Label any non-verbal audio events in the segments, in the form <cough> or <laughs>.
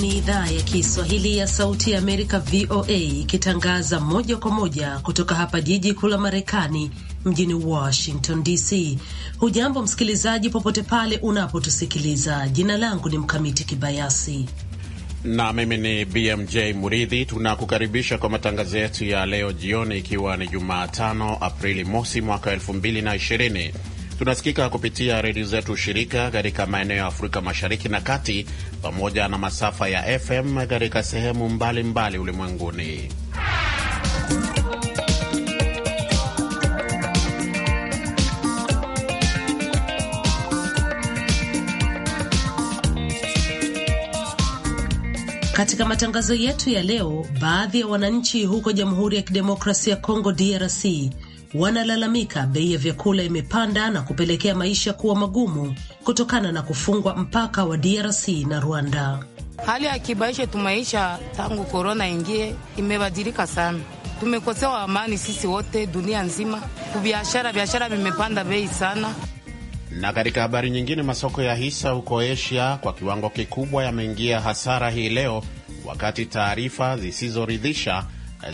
ni idhaa ya Kiswahili ya Sauti ya Amerika, VOA, ikitangaza moja kwa moja kutoka hapa jiji kuu la Marekani, mjini Washington DC. Hujambo msikilizaji, popote pale unapotusikiliza. Jina langu ni Mkamiti Kibayasi na mimi ni BMJ Muridhi. Tunakukaribisha kwa matangazo yetu ya leo jioni, ikiwa ni Jumatano Aprili mosi mwaka 220 Tunasikika kupitia redio zetu shirika katika maeneo ya Afrika Mashariki na Kati, pamoja na masafa ya FM katika sehemu mbalimbali ulimwenguni. Katika matangazo yetu ya leo, baadhi ya wananchi huko Jamhuri ya Kidemokrasia ya Kongo, DRC, wanalalamika bei ya vyakula imepanda na kupelekea maisha kuwa magumu kutokana na kufungwa mpaka wa DRC na Rwanda. Hali ya kibaisha tumaisha tangu korona ingie imebadilika sana. Tumekosewa amani sisi wote, dunia nzima, kubiashara, biashara vimepanda bei sana. Na katika habari nyingine, masoko ya hisa huko Asia kwa kiwango kikubwa yameingia hasara hii leo, wakati taarifa zisizoridhisha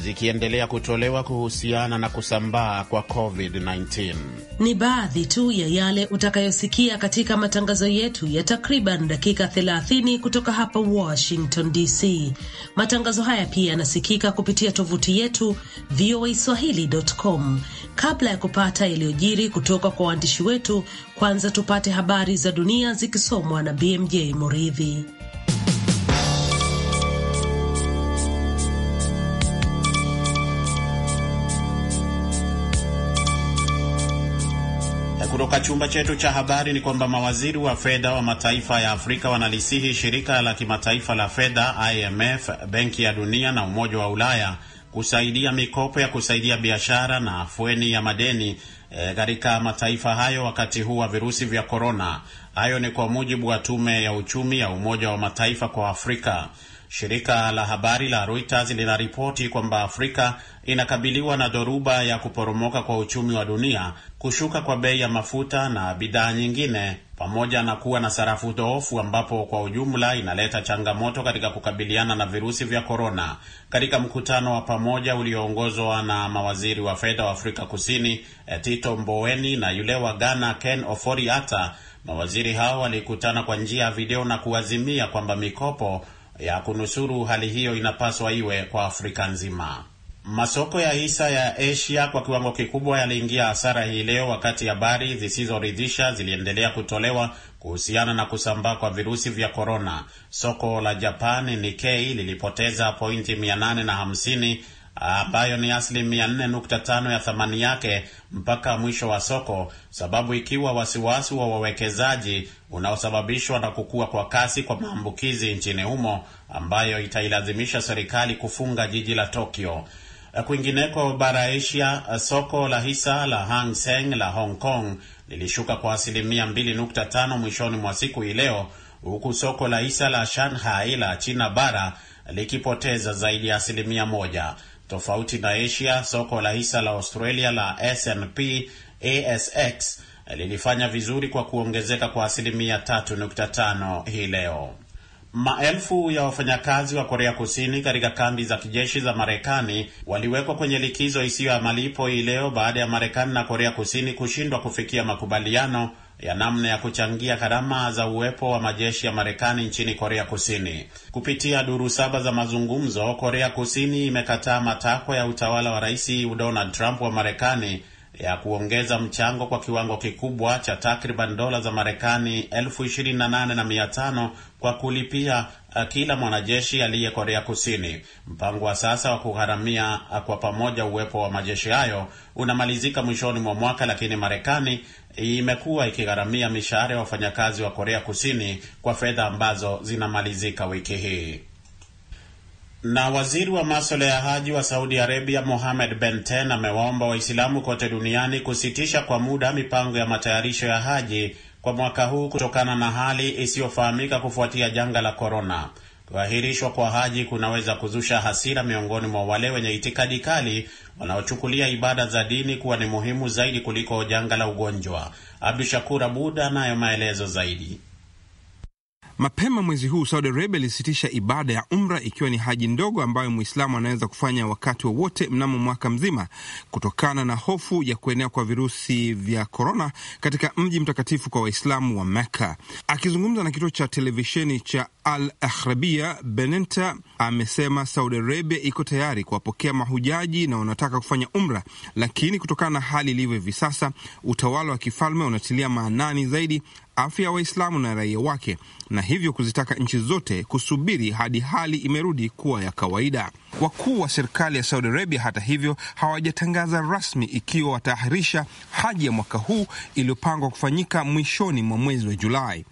zikiendelea kutolewa kuhusiana na kusambaa kwa COVID-19. Ni baadhi tu ya yale utakayosikia katika matangazo yetu ya takriban dakika 30 kutoka hapa Washington DC. Matangazo haya pia yanasikika kupitia tovuti yetu voaswahili.com. Kabla ya kupata yaliyojiri kutoka kwa waandishi wetu, kwanza tupate habari za dunia zikisomwa na BMJ Muridhi. Kutoka chumba chetu cha habari ni kwamba mawaziri wa fedha wa mataifa ya Afrika wanalisihi shirika la kimataifa la fedha IMF, Benki ya Dunia na Umoja wa Ulaya kusaidia mikopo ya kusaidia biashara na afueni ya madeni e, katika e, mataifa hayo wakati huu wa virusi vya korona. Hayo ni kwa mujibu wa tume ya uchumi ya Umoja wa Mataifa kwa Afrika. Shirika la habari la Reuters linaripoti kwamba Afrika inakabiliwa na dhoruba ya kuporomoka kwa uchumi wa dunia, kushuka kwa bei ya mafuta na bidhaa nyingine, pamoja na kuwa na sarafu dhoofu, ambapo kwa ujumla inaleta changamoto katika kukabiliana na virusi vya korona. Katika mkutano wa pamoja ulioongozwa na mawaziri wa fedha wa Afrika Kusini eh, Tito Mboweni na yule wa Ghana Ken Ofori Atta, mawaziri hao walikutana kwa njia ya video na kuazimia kwamba mikopo ya kunusuru hali hiyo inapaswa iwe kwa Afrika nzima. Masoko ya hisa ya Asia kwa kiwango kikubwa yaliingia hasara hii leo wakati habari zisizoridhisha ziliendelea kutolewa kuhusiana na kusambaa kwa virusi vya korona. Soko la Japan Nikkei lilipoteza pointi 850 ambayo ni asilimia 4.5 ya thamani yake mpaka mwisho wa soko, sababu ikiwa wasiwasi wa wawekezaji unaosababishwa na kukua kwa kasi kwa maambukizi nchini humo, ambayo itailazimisha serikali kufunga jiji la Tokyo. Kwingineko bara Asia, soko la hisa la Hang Seng la Hong Kong lilishuka kwa asilimia 2.5 mwishoni mwa siku hii leo, huku soko la hisa la Shanghai la China bara likipoteza zaidi ya asilimia moja. Tofauti na Asia, soko la hisa la Australia la S&P ASX lilifanya vizuri kwa kuongezeka kwa asilimia 3.5 hii leo. Maelfu ya wafanyakazi wa Korea Kusini katika kambi za kijeshi za Marekani waliwekwa kwenye likizo isiyo ya malipo hii leo baada ya Marekani na Korea Kusini kushindwa kufikia makubaliano ya namna ya kuchangia gharama za uwepo wa majeshi ya Marekani nchini Korea Kusini. Kupitia duru saba za mazungumzo, Korea Kusini imekataa matakwa ya utawala wa Rais Donald Trump wa Marekani ya kuongeza mchango kwa kiwango kikubwa cha takriban dola za Marekani elfu ishirini na nane na mia tano kwa kulipia Eh, kila mwanajeshi aliye Korea Kusini. Mpango wa sasa wa kugharamia eh, kwa pamoja uwepo wa majeshi hayo unamalizika mwishoni mwa mwaka, lakini Marekani imekuwa ikigharamia mishahara ya wafanyakazi wa Korea Kusini kwa fedha ambazo zinamalizika wiki hii. Na waziri wa maswala ya haji wa Saudi Arabia Mohamed Benten amewaomba Waislamu kote duniani kusitisha kwa muda mipango ya matayarisho ya haji kwa mwaka huu kutokana na hali isiyofahamika kufuatia janga la korona. Kuahirishwa kwa haji kunaweza kuzusha hasira miongoni mwa wale wenye itikadi kali wanaochukulia ibada za dini kuwa ni muhimu zaidi kuliko janga la ugonjwa. Abdu Shakur Abud anayo maelezo zaidi. Mapema mwezi huu Saudi Arabia ilisitisha ibada ya umra, ikiwa ni haji ndogo ambayo Mwislamu anaweza kufanya wakati wowote wa mnamo mwaka mzima, kutokana na hofu ya kuenea kwa virusi vya korona katika mji mtakatifu kwa Waislamu wa Mecca. Akizungumza na kituo cha televisheni cha Al-Ahrabia Benenta amesema Saudi Arabia iko tayari kuwapokea mahujaji na wanataka kufanya umra, lakini kutokana na hali ilivyo hivi sasa, utawala wa kifalme unatilia maanani zaidi afya ya Waislamu na raia wake na hivyo kuzitaka nchi zote kusubiri hadi hali imerudi kuwa ya kawaida. Wakuu wa serikali ya Saudi Arabia, hata hivyo, hawajatangaza rasmi ikiwa wataahirisha haji ya mwaka huu iliyopangwa kufanyika mwishoni mwa mwezi wa Julai.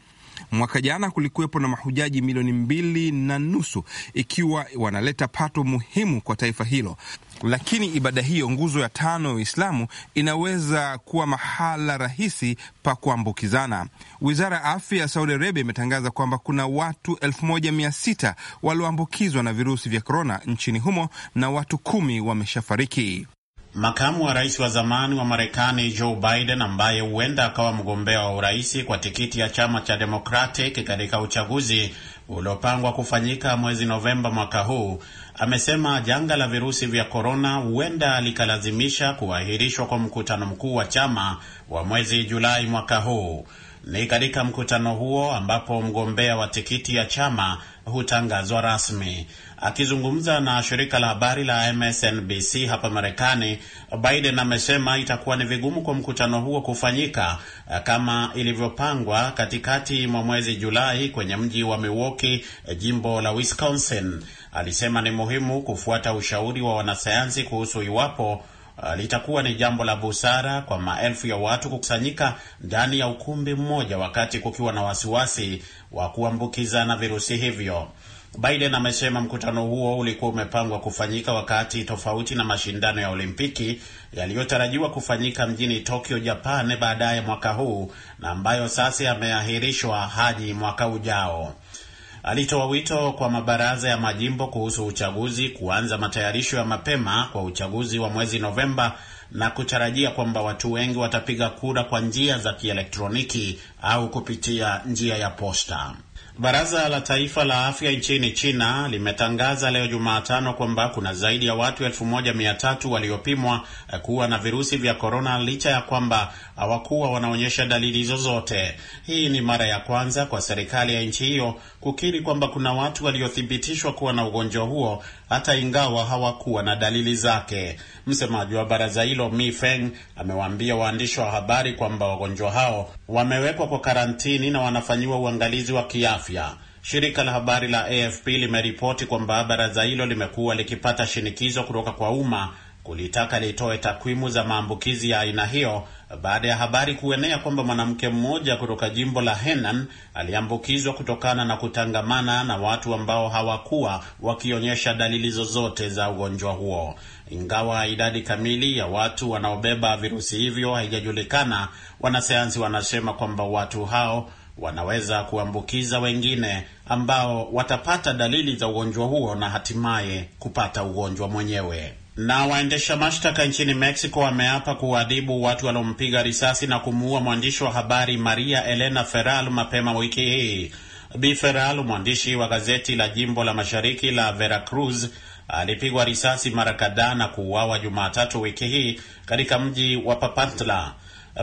Mwaka jana kulikuwepo na mahujaji milioni mbili na nusu ikiwa wanaleta pato muhimu kwa taifa hilo. Lakini ibada hiyo, nguzo ya tano ya Uislamu, inaweza kuwa mahala rahisi pa kuambukizana. Wizara ya afya ya Saudi Arabia imetangaza kwamba kuna watu elfu moja mia sita walioambukizwa na virusi vya korona nchini humo na watu kumi wameshafariki. Makamu wa rais wa zamani wa Marekani Joe Biden ambaye huenda akawa mgombea wa urais kwa tikiti ya chama cha Democratic katika uchaguzi uliopangwa kufanyika mwezi Novemba mwaka huu amesema janga la virusi vya korona huenda likalazimisha kuahirishwa kwa mkutano mkuu wa chama wa mwezi Julai mwaka huu. Ni katika mkutano huo ambapo mgombea wa tikiti ya chama hutangazwa rasmi. Akizungumza na shirika la habari la MSNBC hapa Marekani, Biden amesema itakuwa ni vigumu kwa mkutano huo kufanyika eh, kama ilivyopangwa katikati mwa mwezi Julai kwenye mji wa Milwaukee, eh, jimbo la Wisconsin. Alisema ni muhimu kufuata ushauri wa wanasayansi kuhusu iwapo uh, litakuwa ni jambo la busara kwa maelfu ya watu kukusanyika ndani ya ukumbi mmoja wakati kukiwa na wasiwasi wa kuambukizana virusi hivyo. Biden amesema mkutano huo ulikuwa umepangwa kufanyika wakati tofauti na mashindano ya Olimpiki yaliyotarajiwa kufanyika mjini Tokyo, Japan baadaye mwaka huu na ambayo sasa yameahirishwa hadi mwaka ujao alitoa wito kwa mabaraza ya majimbo kuhusu uchaguzi kuanza matayarisho ya mapema kwa uchaguzi wa mwezi Novemba na kutarajia kwamba watu wengi watapiga kura kwa njia za kielektroniki au kupitia njia ya posta. Baraza la Taifa la Afya nchini China limetangaza leo Jumatano kwamba kuna zaidi ya watu 1300 waliopimwa eh, kuwa na virusi vya korona licha ya kwamba hawakuwa wanaonyesha dalili zozote. Hii ni mara ya kwanza kwa serikali ya nchi hiyo kukiri kwamba kuna watu waliothibitishwa kuwa na ugonjwa huo hata ingawa hawakuwa na dalili zake. Msemaji wa baraza hilo Mi Feng amewaambia waandishi wa habari kwamba wagonjwa hao wamewekwa kwa karantini na wanafanyiwa uangalizi wa kiafya. Shirika la habari la AFP limeripoti kwamba baraza hilo limekuwa likipata shinikizo kutoka kwa umma kulitaka litoe takwimu za maambukizi ya aina hiyo baada ya habari kuenea kwamba mwanamke mmoja kutoka jimbo la Henan aliambukizwa kutokana na kutangamana na watu ambao hawakuwa wakionyesha dalili zozote za ugonjwa huo. Ingawa idadi kamili ya watu wanaobeba virusi hivyo haijajulikana, wanasayansi wanasema kwamba watu hao wanaweza kuambukiza wengine ambao watapata dalili za ugonjwa huo na hatimaye kupata ugonjwa mwenyewe. Na waendesha mashtaka nchini Mexico wameapa kuadhibu watu waliompiga risasi na kumuua mwandishi wa habari Maria Elena Ferral mapema wiki hii. Bi Ferral, mwandishi wa gazeti la jimbo la mashariki la Veracruz, alipigwa risasi mara kadhaa na kuuawa Jumatatu wiki hii katika mji wa Papantla.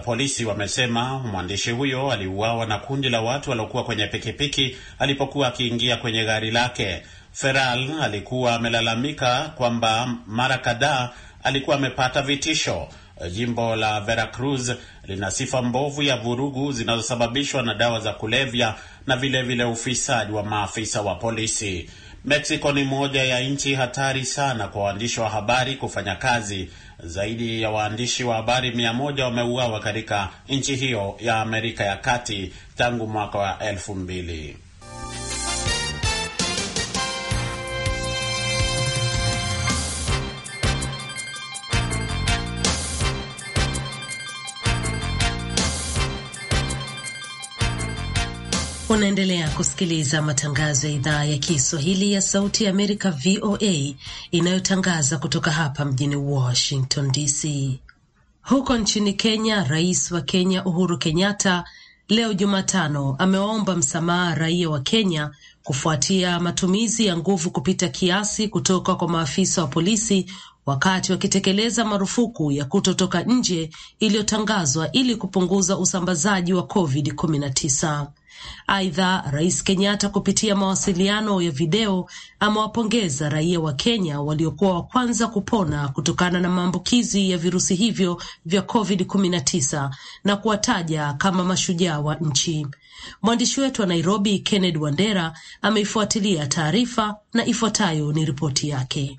Polisi wamesema mwandishi huyo aliuawa na kundi la watu waliokuwa kwenye pikipiki alipokuwa akiingia kwenye gari lake. Feral alikuwa amelalamika kwamba mara kadhaa alikuwa amepata vitisho. Jimbo la Veracruz lina sifa mbovu ya vurugu zinazosababishwa na dawa za kulevya na vilevile ufisadi wa maafisa wa polisi. Mexico ni moja ya nchi hatari sana kwa waandishi wa habari kufanya kazi. Zaidi ya waandishi wa habari mia moja wameuawa katika nchi hiyo ya Amerika ya Kati tangu mwaka wa elfu mbili. Unaendelea kusikiliza matangazo ya idhaa ya Kiswahili ya Sauti ya Amerika, VOA, inayotangaza kutoka hapa mjini Washington DC. Huko nchini Kenya, rais wa Kenya Uhuru Kenyatta leo Jumatano amewaomba msamaha raia wa Kenya kufuatia matumizi ya nguvu kupita kiasi kutoka kwa maafisa wa polisi wakati wakitekeleza marufuku ya kutotoka nje iliyotangazwa ili kupunguza usambazaji wa COVID-19. Aidha, Rais Kenyatta kupitia mawasiliano ya video amewapongeza raia wa Kenya waliokuwa wa kwanza kupona kutokana na maambukizi ya virusi hivyo vya COVID-19 na kuwataja kama mashujaa wa nchi. Mwandishi wetu wa Nairobi Kenneth Wandera ameifuatilia taarifa na ifuatayo ni ripoti yake.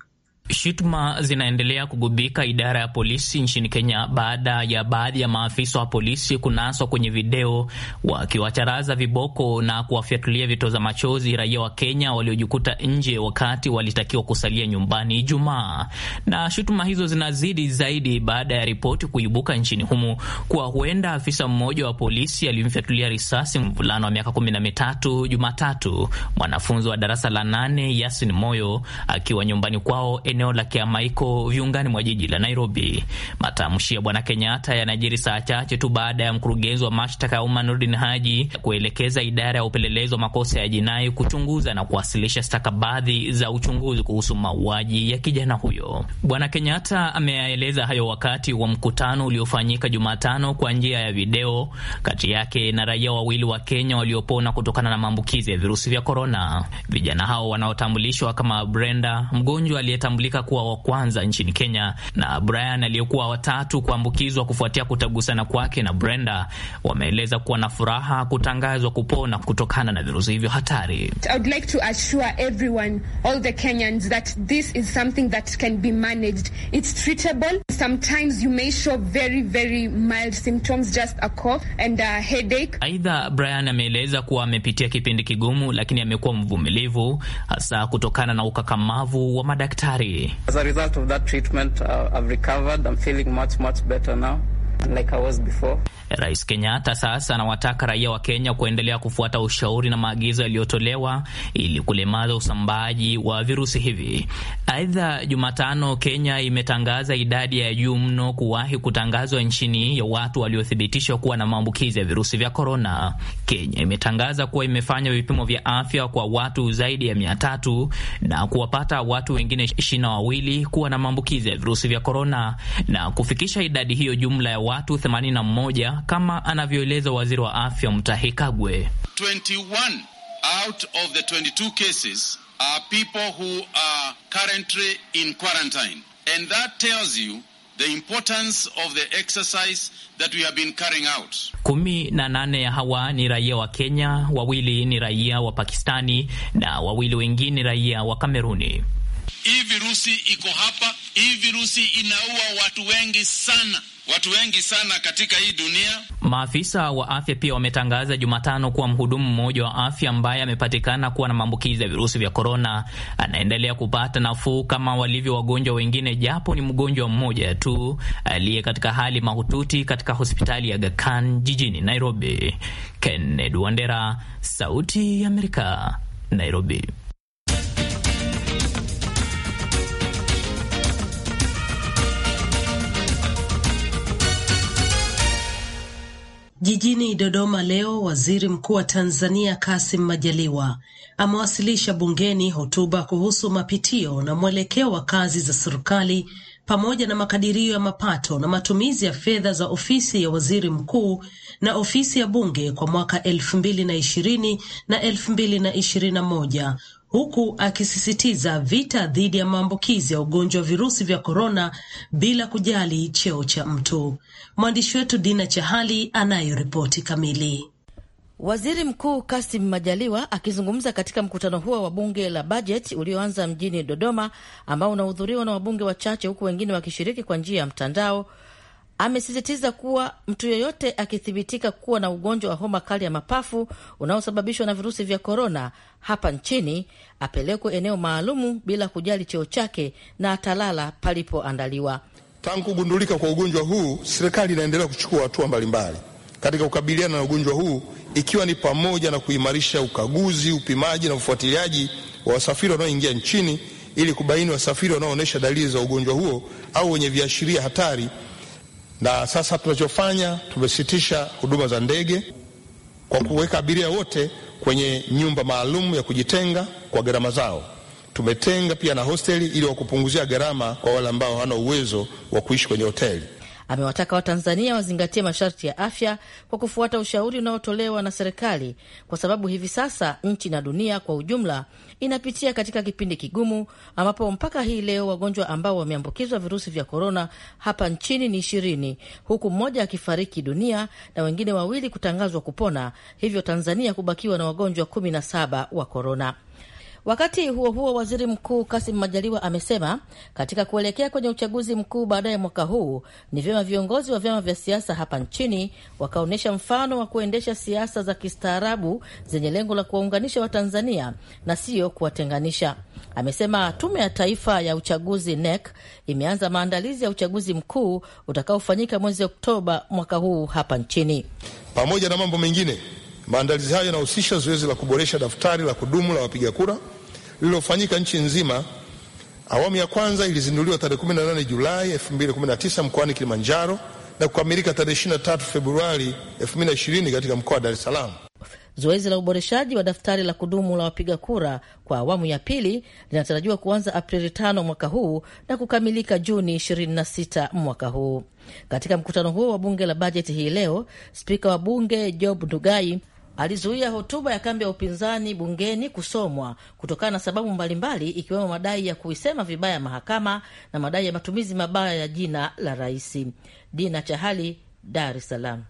Shutuma zinaendelea kugubika idara ya polisi nchini Kenya baada ya baadhi ya maafisa wa polisi kunaswa kwenye video wakiwacharaza viboko na kuwafyatulia vitoza machozi raia wa Kenya waliojikuta nje wakati walitakiwa kusalia nyumbani Ijumaa. Na shutuma hizo zinazidi zaidi baada ya ripoti kuibuka nchini humo kuwa huenda afisa mmoja wa polisi alimfyatulia risasi mvulano wa miaka kumi na mitatu Jumatatu, mwanafunzi wa darasa la nane Yasin Moyo akiwa nyumbani kwao eneo la Kiamaiko viungani mwa jiji la Nairobi. Matamshi ya bwana Kenyatta yanajiri saa chache tu baada ya mkurugenzi wa mashtaka ya umma Nurdin Haji kuelekeza idara ya upelelezi wa makosa ya jinai kuchunguza na kuwasilisha stakabadhi za uchunguzi kuhusu mauaji ya kijana huyo. Bwana Kenyatta ameyaeleza hayo wakati wa mkutano uliofanyika Jumatano kwa njia ya video kati yake na raia wawili wa Kenya waliopona kutokana na maambukizi ya virusi vya korona. Vijana hao wanaotambulishwa kama Brenda, mgonjwa aliyetambulishwa kutambulika kuwa wa kwanza nchini Kenya, na Brian aliyekuwa watatu kuambukizwa kufuatia kutagusana kwake na Brenda, wameeleza kuwa na furaha kutangazwa kupona kutokana na virusi hivyo hatari. Aidha, Brian ameeleza kuwa amepitia kipindi kigumu, lakini amekuwa mvumilivu, hasa kutokana na ukakamavu wa madaktari. As a result of that treatment, uh, I've recovered. I'm feeling much, much better now, like I was before. Rais Kenyatta sasa anawataka raia wa Kenya kuendelea kufuata ushauri na maagizo yaliyotolewa ili kulemaza usambaaji wa virusi hivi. Aidha, Jumatano Kenya imetangaza idadi ya juu mno kuwahi kutangazwa nchini ya watu waliothibitishwa kuwa na maambukizi ya virusi vya korona. Kenya imetangaza kuwa imefanya vipimo vya afya kwa watu zaidi ya mia tatu na kuwapata watu wengine ishirini na wawili kuwa na maambukizi ya virusi vya korona na kufikisha idadi hiyo jumla ya watu 81 kama anavyoeleza waziri wa afya Mutahi Kagwe. 21 out of the 22 cases are people who are currently in quarantine and that tells you the importance of the exercise that we have been carrying out. Kumi na nane ya hawa ni raia wa Kenya, wawili ni raia wa Pakistani na wawili wengine raia wa Kameruni. Hii virusi iko hapa, hii virusi inaua watu wengi sana watu wengi sana katika hii dunia. Maafisa wa afya pia wametangaza Jumatano kuwa mhudumu mmoja wa afya ambaye amepatikana kuwa na maambukizi ya virusi vya korona anaendelea kupata nafuu kama walivyo wagonjwa wengine, japo ni mgonjwa mmoja tu aliye katika hali mahututi katika hospitali ya Gakan jijini Nairobi. Kennedy Wandera, Sauti ya Amerika, Nairobi. Jijini Dodoma leo, waziri mkuu wa Tanzania kasim Majaliwa amewasilisha bungeni hotuba kuhusu mapitio na mwelekeo wa kazi za serikali pamoja na makadirio ya mapato na matumizi ya fedha za ofisi ya waziri mkuu na ofisi ya bunge kwa mwaka elfu mbili na ishirini na elfu mbili na ishirini na moja huku akisisitiza vita dhidi ya maambukizi ya ugonjwa wa virusi vya korona bila kujali cheo cha mtu. Mwandishi wetu Dina Chahali anayo ripoti kamili. Waziri Mkuu Kassim Majaliwa akizungumza katika mkutano huo wa bunge la bajeti ulioanza mjini Dodoma, ambao unahudhuriwa na wabunge wachache huku wengine wakishiriki kwa njia ya mtandao, Amesisitiza kuwa mtu yeyote akithibitika kuwa na ugonjwa wa homa kali ya mapafu unaosababishwa na virusi vya korona hapa nchini apelekwe eneo maalumu bila kujali cheo chake na atalala palipoandaliwa. Tangu kugundulika kwa ugonjwa huu, serikali inaendelea kuchukua hatua mbalimbali katika kukabiliana na ugonjwa huu, ikiwa ni pamoja na kuimarisha ukaguzi, upimaji na ufuatiliaji wa wasafiri wanaoingia nchini ili kubaini wasafiri wanaoonyesha dalili za ugonjwa huo au wenye viashiria hatari na sasa tunachofanya tumesitisha huduma za ndege kwa kuweka abiria wote kwenye nyumba maalum ya kujitenga kwa gharama zao. Tumetenga pia na hosteli ili wakupunguzia gharama kwa wale ambao hawana uwezo wa kuishi kwenye hoteli. Amewataka Watanzania wazingatie masharti ya afya kwa kufuata ushauri unaotolewa na serikali, kwa sababu hivi sasa nchi na dunia kwa ujumla inapitia katika kipindi kigumu, ambapo mpaka hii leo wagonjwa ambao wameambukizwa virusi vya korona hapa nchini ni ishirini, huku mmoja akifariki dunia na wengine wawili kutangazwa kupona, hivyo Tanzania kubakiwa na wagonjwa kumi na saba wa korona. Wakati huo huo, waziri mkuu Kasim Majaliwa amesema katika kuelekea kwenye uchaguzi mkuu baadaye mwaka huu ni vyema viongozi wa vyama vya siasa hapa nchini wakaonyesha mfano wa kuendesha siasa za kistaarabu zenye lengo la kuwaunganisha Watanzania na siyo kuwatenganisha. Amesema Tume ya Taifa ya Uchaguzi NEC imeanza maandalizi ya uchaguzi mkuu utakaofanyika mwezi Oktoba mwaka huu hapa nchini. Pamoja na mambo mengine Maandalizi hayo yanahusisha zoezi la kuboresha daftari la kudumu la wapiga kura lililofanyika nchi nzima. Awamu ya kwanza ilizinduliwa tarehe 18 Julai 2019 mkoani Kilimanjaro na kukamilika tarehe 23 Februari 2020 katika mkoa wa Dar es Salaam. Zoezi la uboreshaji wa daftari la kudumu la wapiga kura kwa awamu ya pili linatarajiwa kuanza Aprili tano mwaka huu na kukamilika Juni 26 mwaka huu. Katika mkutano huo wa bunge la bajeti hii leo, spika wa bunge Job Ndugai alizuia hotuba ya kambi ya upinzani bungeni kusomwa kutokana na sababu mbalimbali ikiwemo madai ya kuisema vibaya mahakama na madai ya matumizi mabaya ya jina la rais. Dina Chahali, Dar es Salaam.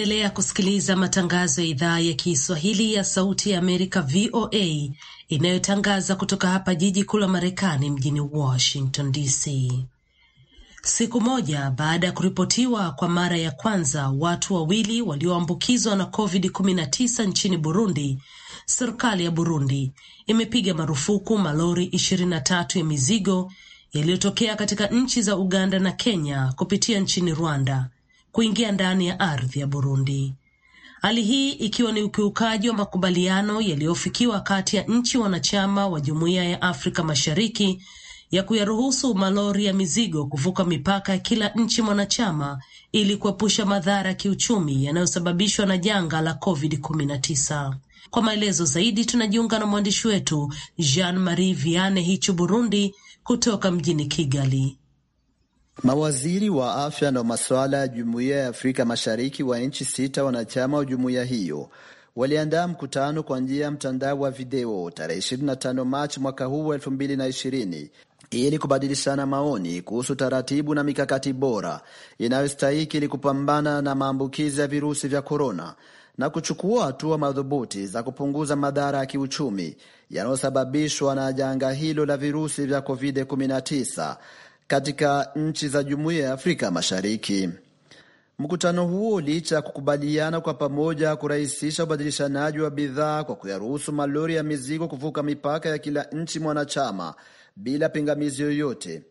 Unaendelea kusikiliza matangazo ya idhaa ya Kiswahili ya Sauti ya Amerika, VOA, inayotangaza kutoka hapa jiji kuu la Marekani, mjini Washington DC. Siku moja baada ya kuripotiwa kwa mara ya kwanza watu wawili walioambukizwa na COVID-19 nchini Burundi, serikali ya Burundi imepiga marufuku malori 23 ya mizigo yaliyotokea katika nchi za Uganda na Kenya kupitia nchini Rwanda kuingia ndani ya ardhi ya Burundi. Hali hii ikiwa ni ukiukaji wa makubaliano yaliyofikiwa kati ya nchi wanachama wa Jumuiya ya Afrika Mashariki ya kuyaruhusu malori ya mizigo kuvuka mipaka ya kila nchi mwanachama ili kuepusha madhara ya kiuchumi yanayosababishwa na janga la COVID-19. Kwa maelezo zaidi tunajiunga na mwandishi wetu Jean Marie Viane Hichu Burundi kutoka mjini Kigali. Mawaziri wa afya na masuala ya jumuiya ya Afrika Mashariki wa nchi sita wanachama wa jumuiya hiyo waliandaa mkutano kwa njia ya mtandao wa video tarehe 25 Machi mwaka huu 2020 ili kubadilishana maoni kuhusu taratibu na mikakati bora inayostahiki ili kupambana na maambukizi ya virusi vya korona na kuchukua hatua madhubuti za kupunguza madhara ya kiuchumi yanayosababishwa na janga hilo la virusi vya COVID-19 katika nchi za Jumuiya ya Afrika Mashariki. Mkutano huo licha ya kukubaliana kwa pamoja kurahisisha ubadilishanaji wa bidhaa kwa kuyaruhusu malori ya mizigo kuvuka mipaka ya kila nchi mwanachama bila pingamizi yoyote,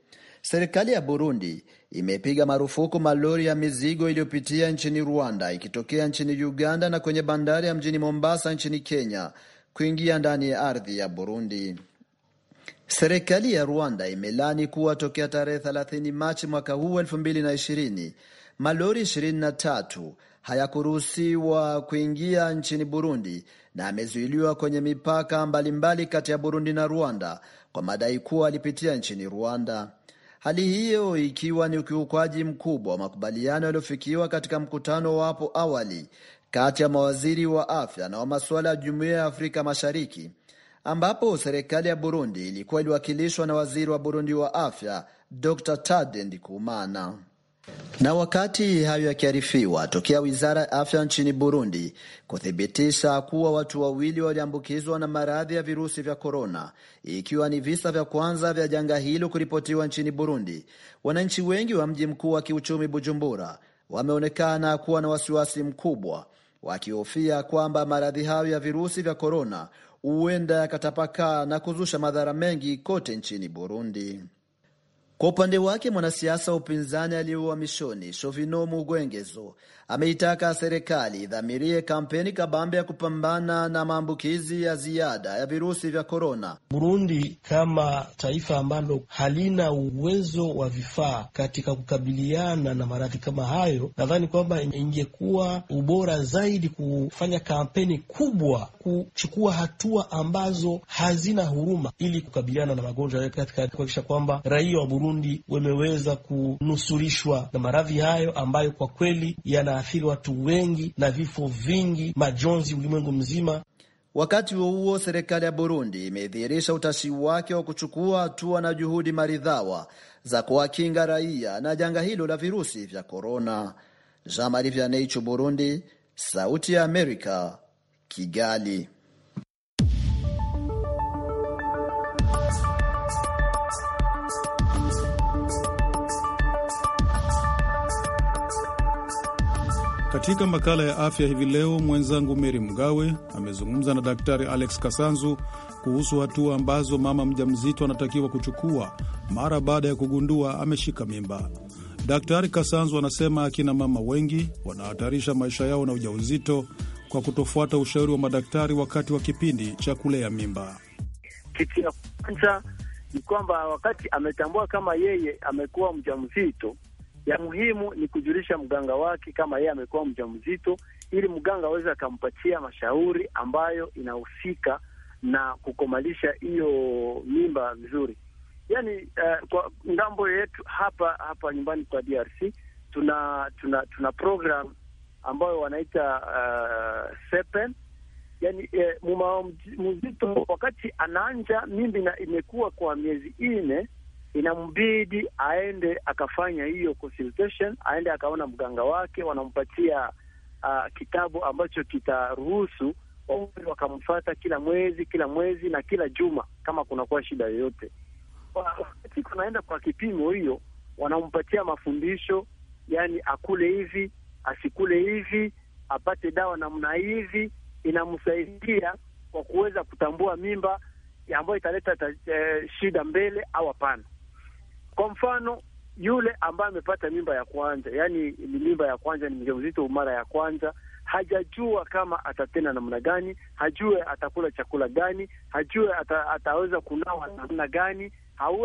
serikali ya Burundi imepiga marufuku malori ya mizigo iliyopitia nchini Rwanda ikitokea nchini Uganda na kwenye bandari ya mjini Mombasa nchini Kenya kuingia ndani ya ardhi ya Burundi. Serikali ya Rwanda imelani kuwa tokea tarehe 30 Machi mwaka huu 2020 malori 23 hayakuruhusiwa kuingia nchini Burundi na amezuiliwa kwenye mipaka mbalimbali kati ya Burundi na Rwanda kwa madai kuwa alipitia nchini Rwanda. Hali hiyo ikiwa ni ukiukwaji mkubwa wa makubaliano yaliyofikiwa katika mkutano wa hapo awali kati ya mawaziri wa afya na wa masuala ya Jumuiya ya Afrika Mashariki ambapo serikali ya Burundi ilikuwa iliwakilishwa na waziri wa Burundi wa afya Dr Tade Ndikumana. Na wakati hayo yakiarifiwa, tokea wizara ya afya nchini Burundi kuthibitisha kuwa watu wawili waliambukizwa na maradhi ya virusi vya korona, ikiwa ni visa vya kwanza vya janga hilo kuripotiwa nchini Burundi, wananchi wengi wa mji mkuu wa kiuchumi Bujumbura wameonekana kuwa na wasiwasi mkubwa wakihofia kwamba maradhi hayo ya virusi vya korona huenda yakatapakaa na kuzusha madhara mengi kote nchini Burundi. Kwa upande wake mwanasiasa wa upinzani aliye mishoni Shovino Mugwengezo ameitaka serikali idhamirie kampeni kabambe ya kupambana na maambukizi ya ziada ya virusi vya korona. Burundi kama taifa ambalo halina uwezo wa vifaa katika kukabiliana na maradhi kama hayo, nadhani kwamba ingekuwa ubora zaidi kufanya kampeni kubwa, kuchukua hatua ambazo hazina huruma ili kukabiliana na magonjwa hayo, katika kuhakikisha kwamba raia wa Burundi wameweza kunusurishwa na maradhi hayo ambayo kwa kweli yana inaathiri watu wengi na vifo vingi, majonzi ulimwengu mzima. Wakati huo huo, serikali ya Burundi imedhihirisha utashi wake wa kuchukua hatua na juhudi maridhawa za kuwakinga raia na janga hilo la virusi vya korona. Jean Marie Vianney, Burundi, Sauti ya Amerika, Kigali. Katika makala ya afya hivi leo, mwenzangu Meri Mgawe amezungumza na Daktari Alex Kasanzu kuhusu hatua ambazo mama mjamzito anatakiwa kuchukua mara baada ya kugundua ameshika mimba. Daktari Kasanzu anasema akina mama wengi wanahatarisha maisha yao na ujauzito kwa kutofuata ushauri wa madaktari wakati wa kipindi cha kulea mimba. Kitu ya kwanza ni kwamba wakati ametambua kama yeye amekuwa mjamzito ya muhimu ni kujulisha mganga wake kama yeye amekuwa mjamzito, ili mganga aweze akampatia mashauri ambayo inahusika na kukomalisha hiyo mimba vizuri. Yani uh, eh, kwa ngambo yetu hapa hapa nyumbani kwa DRC tuna tuna tuna program ambayo wanaita uh, sepen yani eh, yaani, eh mumamzito wakati anaanja mimbi na imekuwa kwa miezi ine inambidi aende akafanya hiyo consultation, aende akaona mganga wake, wanampatia uh, kitabu ambacho kitaruhusu waui wakamfata kila mwezi kila mwezi na kila juma, kama kunakuwa shida yoyote. Wakati kunaenda kwa kipimo hiyo, wanampatia mafundisho, yani akule hivi, asikule hivi, apate dawa namna hivi, inamsaidia kwa kuweza kutambua mimba ambayo italeta ta, eh, shida mbele au hapana. Kwa mfano yule ambaye amepata mimba ya kwanza, yaani ni mimba ya kwanza ni mjamzito mara ya kwanza, hajajua kama atatenda namna gani, hajue atakula chakula gani, hajue ata, ataweza kunawa namna gani,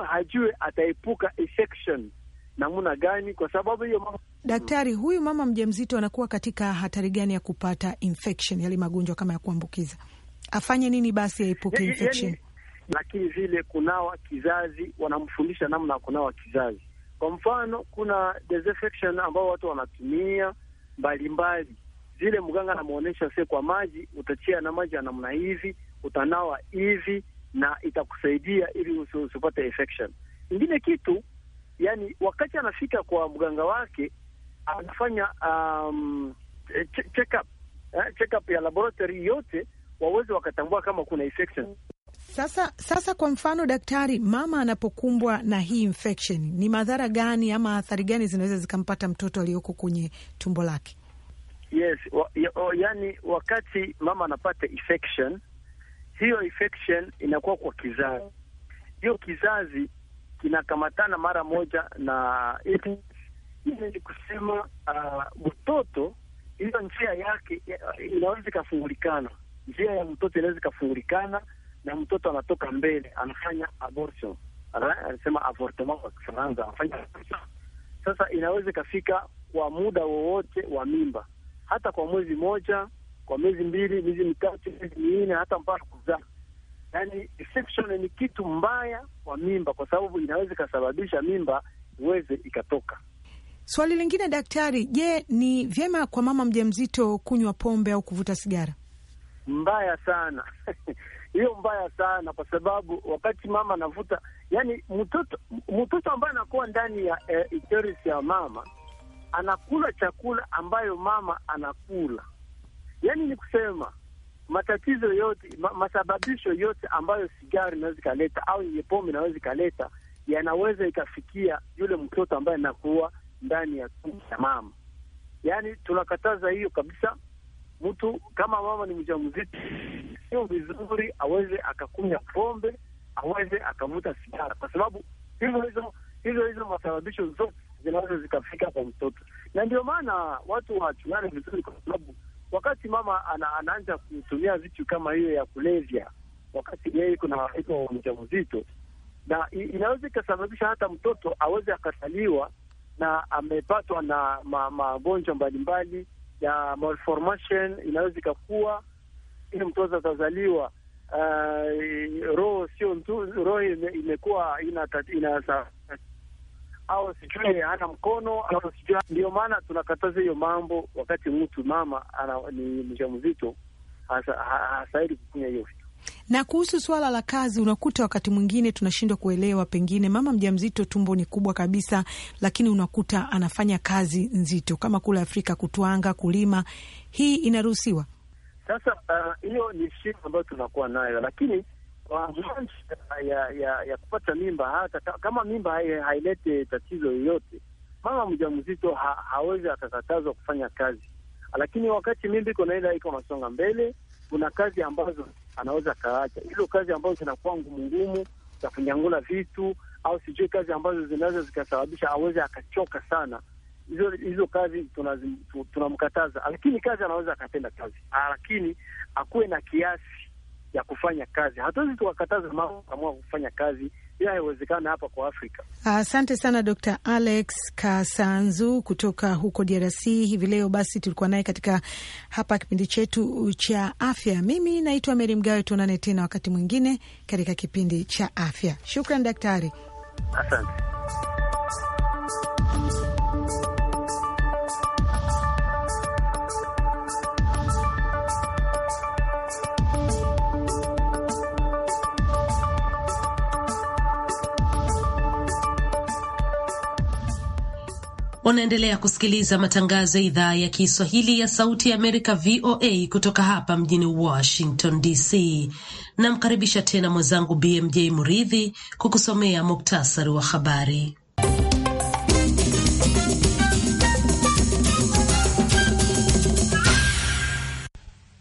hajue ataepuka infection namna gani, kwa sababu hiyo mama... Daktari, huyu mama mjamzito anakuwa katika hatari gani ya kupata infection, yale magonjwa kama ya kuambukiza? Afanye nini basi aepuke infection? lakini vile kunawa kizazi, wanamfundisha namna ya kunawa kizazi. Kwa mfano, kuna disinfection ambao watu wanatumia mbalimbali, zile mganga anamwonyesha se, kwa maji utachia na maji ya namna hivi, utanawa hivi na itakusaidia ili usipate infection. Ingine kitu yani, wakati anafika kwa mganga wake anafanya um, check up, eh, check up ya laboratory yote waweze wakatambua kama kuna infection. Sasa, sasa kwa mfano daktari, mama anapokumbwa na hii infection, ni madhara gani ama athari gani zinaweza zikampata mtoto aliyoko kwenye tumbo lake? Yes, wa, ya, o, yani wakati mama anapata infection, hiyo infection inakuwa kwa kizazi. Hiyo kizazi kinakamatana mara moja na hivi ni kusema ah, mtoto uh, hiyo njia yake inaweza ikafungulikana, njia ya mtoto inaweza ikafungulikana na mtoto anatoka mbele anafanya abortion, anasema avortement kwa Kifaransa, anafanya abortion. Sasa inaweza ikafika kwa muda wowote wa mimba, hata kwa mwezi moja, kwa miezi mbili, miezi mitatu, miezi minne, hata mpaka kuzaa. Yani exception ni kitu mbaya kwa mimba, kwa sababu inaweza ikasababisha mimba iweze ikatoka. Swali lingine daktari, je, ni vyema kwa mama mjamzito kunywa pombe au kuvuta sigara? Mbaya sana <laughs> hiyo mbaya sana, kwa sababu wakati mama anavuta, yani mtoto mtoto ambaye anakuwa ndani ya eh, uterus ya mama anakula chakula ambayo mama anakula, yani ni kusema matatizo yote ma, masababisho yote ambayo sigari inaweza ikaleta au yenye pombe inaweza ikaleta yanaweza ikafikia yule mtoto ambaye anakuwa ndani ya tumbo ya mama. Yani tunakataza hiyo kabisa. Mtu kama mama ni mjamzito sio vizuri aweze akakunywa pombe, aweze akavuta sigara, kwa sababu hizo hizo hizo hizo masababisho zote zinaweza zikafika kwa mtoto, na ndio maana watu wachungane vizuri, kwa sababu wakati mama ana, anaanza kutumia vitu kama hiyo ya kulevya, wakati yeye kuna watoto wa mjamzito, na inaweza ikasababisha hata mtoto aweze akasaliwa na amepatwa na magonjwa ma mbalimbali ya malformation, inaweza ikakuwa ili mtoto atazaliwa uh, roho sio roho imekuwa ina au sijui hana mkono au sijui. Ndio maana tunakataza hiyo mambo. Wakati mtu mama ana, ni mjamzito hastahili kufanya hiyo vitu. Na kuhusu swala la kazi, unakuta wakati mwingine tunashindwa kuelewa, pengine mama mjamzito tumbo ni kubwa kabisa, lakini unakuta anafanya kazi nzito kama kule Afrika, kutwanga, kulima. Hii inaruhusiwa? Sasa uh, hiyo uh, ni shida ambayo tunakuwa nayo, lakini uh, ya, ya, ya kupata mimba, hata kama mimba hailete tatizo yoyote, mama mjamzito ha, hawezi akakatazwa kufanya kazi, lakini wakati mimba iko naenda iko masonga mbele, kuna kazi ambazo anaweza akaacha, hilo kazi ambazo zinakuwa ngumu ngumu za kunyangula vitu au sijui kazi ambazo zinaweza zikasababisha aweze akachoka sana hizo hizo kazi tunamkataza, lakini kazi anaweza akatenda kazi, ah, lakini akuwe na kiasi ya kufanya kazi. Hatuwezi tukakataza mama kamua kufanya kazi, hiyo haiwezekana hapa kwa Afrika. Asante sana Dr. Alex Kasanzu kutoka huko DRC hivi leo. Basi tulikuwa naye katika hapa kipindi chetu cha afya. Mimi naitwa Meri Mgawe, tuonane tena wakati mwingine katika kipindi cha afya. Shukran daktari, asante. Unaendelea kusikiliza matangazo ya idhaa ya Kiswahili ya Sauti ya Amerika, VOA, kutoka hapa mjini Washington DC. Namkaribisha tena mwenzangu BMJ Muridhi kukusomea muktasari wa habari.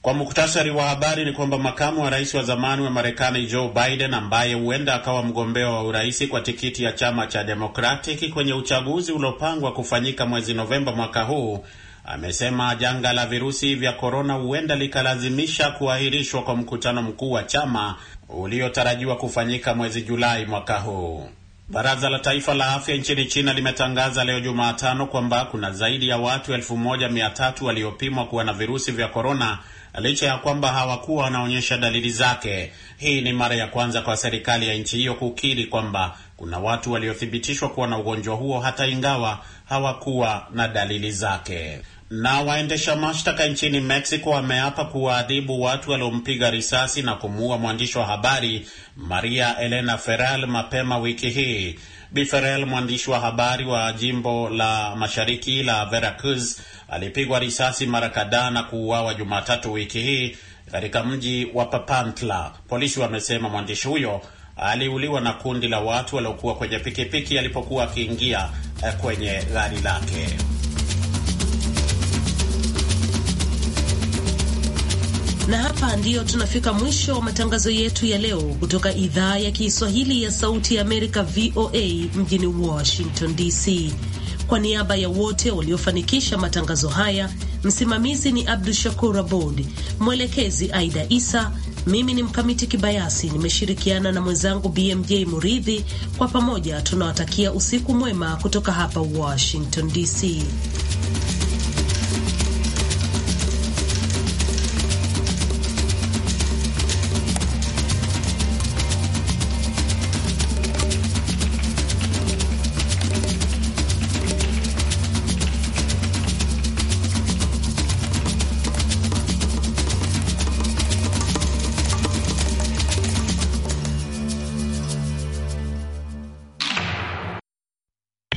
Kwa muktasari wa habari ni kwamba makamu wa rais wa zamani wa Marekani Joe Biden ambaye huenda akawa mgombea wa urais kwa tikiti ya chama cha Democratic kwenye uchaguzi uliopangwa kufanyika mwezi Novemba mwaka huu amesema janga la virusi vya korona huenda likalazimisha kuahirishwa kwa mkutano mkuu wa chama uliotarajiwa kufanyika mwezi Julai mwaka huu. Baraza la Taifa la Afya nchini China limetangaza leo Jumatano kwamba kuna zaidi ya watu elfu moja mia tatu waliopimwa kuwa na virusi vya korona licha ya kwamba hawakuwa wanaonyesha dalili zake. Hii ni mara ya kwanza kwa serikali ya nchi hiyo kukiri kwamba kuna watu waliothibitishwa kuwa na ugonjwa huo hata ingawa hawakuwa na dalili zake. Na waendesha mashtaka nchini Mexico wameapa kuwaadhibu watu waliompiga risasi na kumuua mwandishi wa habari Maria Elena Ferral mapema wiki hii. Bi mwandishi wa habari wa jimbo la mashariki la Veracruz, alipigwa risasi mara kadhaa na kuuawa Jumatatu wiki hii katika mji wa Papantla. Polisi wamesema mwandishi huyo aliuliwa na kundi la watu waliokuwa kwenye pikipiki alipokuwa akiingia eh, kwenye gari lake. Na hapa ndiyo tunafika mwisho wa matangazo yetu ya leo kutoka idhaa ya Kiswahili ya Sauti ya Amerika, VOA, mjini Washington DC. Kwa niaba ya wote waliofanikisha matangazo haya, msimamizi ni Abdu Shakur Abod, mwelekezi Aida Isa. Mimi ni Mkamiti Kibayasi, nimeshirikiana na mwenzangu BMJ Muridhi. Kwa pamoja tunawatakia usiku mwema kutoka hapa Washington DC.